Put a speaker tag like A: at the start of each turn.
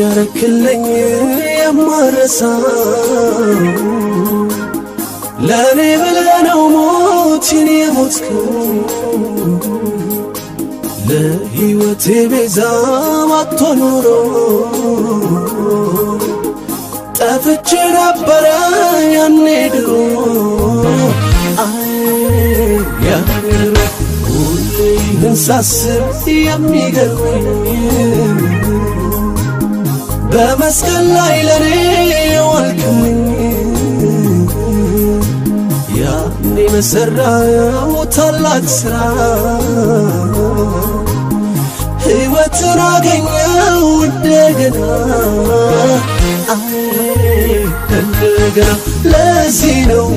A: ያረክልኝ የማረሳው ለእኔ ብለህ ነው ሞትን የሞትከው ለሕይወቴ ቤዛ ማቶ ኑሮ ጠፍቼ ነበረ ያኔ ድሮ
B: ሁሌ ህንሳስብ የሚገርመኝ በመስቀል ላይ ለኔ ዋልከኝ ያኔ በሰራው ታላቅ ስራ ሕይወትን አገኘው እንደገና እንደገና ለዚህ ነው